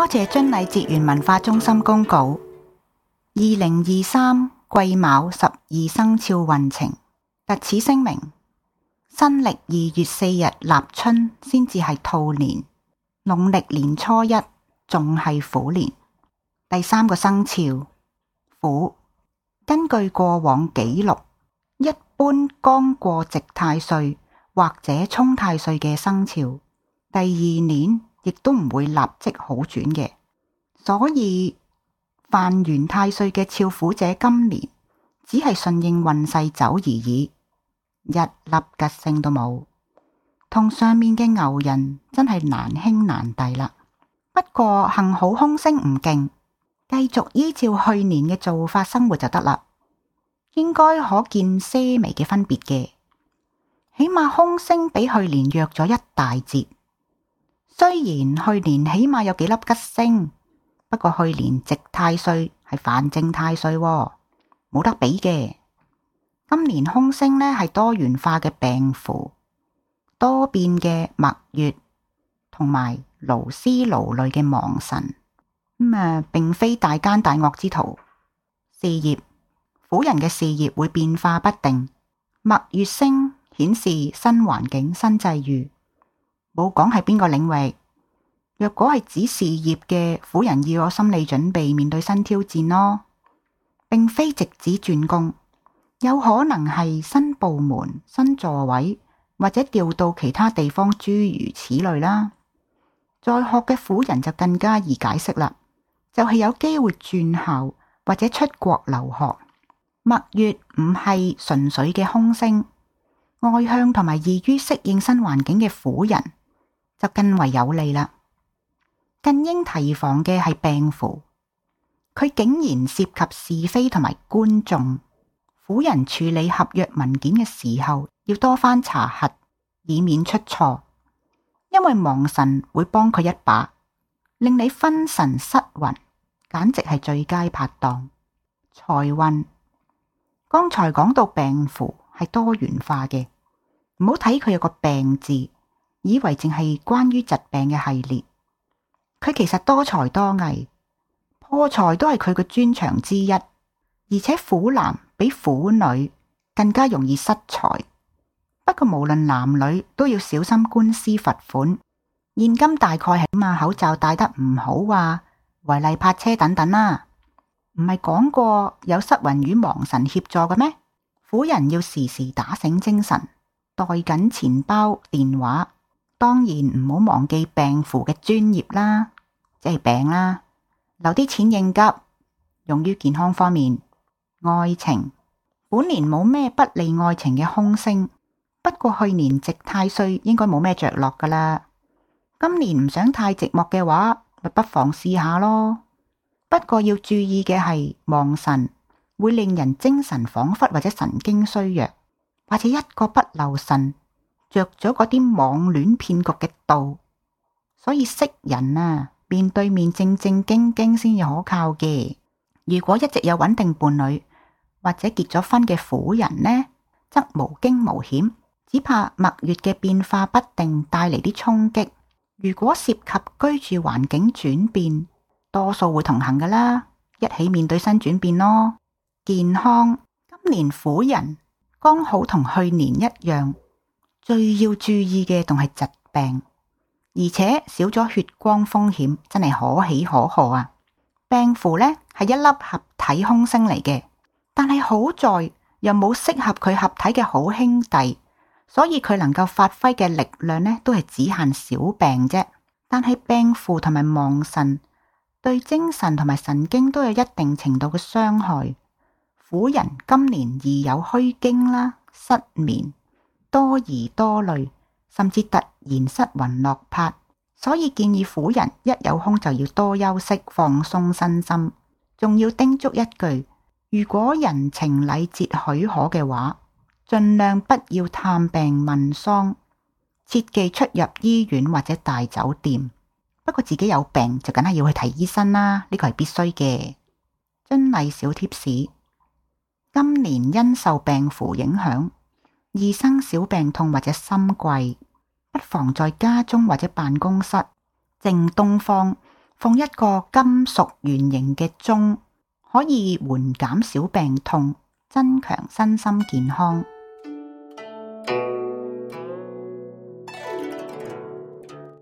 多謝尊禮節源文化中心公告，二零二三癸卯十二生肖運程特此聲明：新曆二月四日立春先至係兔年，農曆年初一仲係虎年。第三個生肖虎，根據過往記錄，一般剛過值太歲或者沖太歲嘅生肖，第二年。亦都唔會立即好轉嘅，所以犯完太歲嘅肖虎者今年只係順應運勢走而已，一粒吉星都冇，同上面嘅牛人真係難兄難弟啦。不過幸好空星唔勁，繼續依照去年嘅做法生活就得啦，應該可見些微嘅分別嘅，起碼空星比去年弱咗一大截。雖然去年起碼有幾粒吉星，不過去年值太歲係犯正太歲、哦，冇得比嘅。今年凶星呢係多元化嘅病符，多變嘅陌越同埋勞思勞累嘅亡神咁啊、嗯，並非大奸大惡之徒。事業，虎人嘅事業會變化不定，陌越星顯示新環境、新際遇。冇講係邊個領域，若果係指事業嘅虎人，要有心理準備面對新挑戰咯，並非直指轉工，有可能係新部門、新座位或者調到其他地方，諸如此類啦。在學嘅虎人就更加易解釋啦，就係、是、有機會轉校或者出國留學，陌越唔係純粹嘅空星，外向同埋易於適應新環境嘅虎人。就更為有利啦。更應提防嘅係病符，佢竟然涉及是非同埋觀眾。婦人處理合約文件嘅時候，要多番查核，以免出錯。因為亡神會幫佢一把，令你分神失魂，簡直係最佳拍檔。財運，剛才講到病符係多元化嘅，唔好睇佢有個病字。以為淨係關於疾病嘅系列，佢其實多才多藝，破財都係佢嘅專長之一。而且虎男比虎女更加容易失財。不過無論男女都要小心官司罰款。現今大概起碼，口罩戴得唔好話、啊、違例泊車等等啦、啊。唔係講過有失魂與亡神協助嘅咩？虎人要時時打醒精神，袋緊錢包、電話。當然唔好忘記病符嘅專業啦，即係病啦，留啲錢應急，用於健康方面。愛情，本年冇咩不利愛情嘅空星，不過去年值太歲應該冇咩着落噶啦。今年唔想太寂寞嘅話，咪不妨試下咯。不過要注意嘅係亡神，會令人精神恍惚或者神經衰弱，或者一個不留神。着咗嗰啲網戀騙局嘅道，所以識人啊，面對面正正經經先至可靠嘅。如果一直有穩定伴侶或者結咗婚嘅虎人呢，則無驚無險，只怕蜜月嘅變化不定帶嚟啲衝擊。如果涉及居住環境轉變，多數會同行噶啦，一起面對新轉變咯。健康今年虎人剛好同去年一樣。最要注意嘅，仲係疾病，而且少咗血光風險，真係可喜可賀啊！病符咧，係一粒合體空星嚟嘅，但係好在又冇適合佢合體嘅好兄弟，所以佢能夠發揮嘅力量咧，都係只限小病啫。但係病符同埋亡神對精神同埋神經都有一定程度嘅傷害，虎人今年易有虛驚啦，失眠，多疑多慮，甚至突然失魂落魄，所以建議婦人一有空就要多休息，放鬆身心。仲要叮囑一句，如果人情禮節許可嘅話，盡量不要探病問喪，切忌出入醫院或者大酒店。不過自己有病就梗係要去睇醫生啦，呢個係必須嘅。鐏澧小貼士：今年因受病符影響。易生小病痛或者心悸，不妨在家中或者辦公室正東方放一個金屬圓形嘅鐘，可以緩減小病痛，增強身心健康。